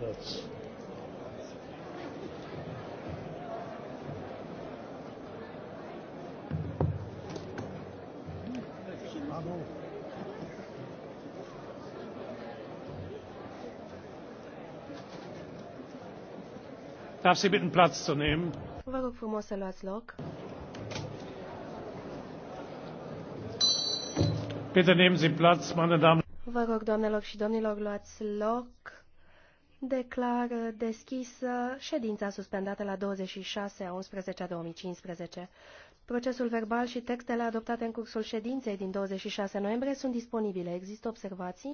Platz. Darf Sie bitten, Platz zu nehmen? Vă rog frumos să luați loc. Bitte nehmen Sie Platz, meine Damen. Vă rog, doamnelor și domnilor, luați loc. Declară deschisă ședința suspendată la 26 a 11 -a 2015. Procesul verbal și textele adoptate în cursul ședinței din 26 noiembrie sunt disponibile. Există observații?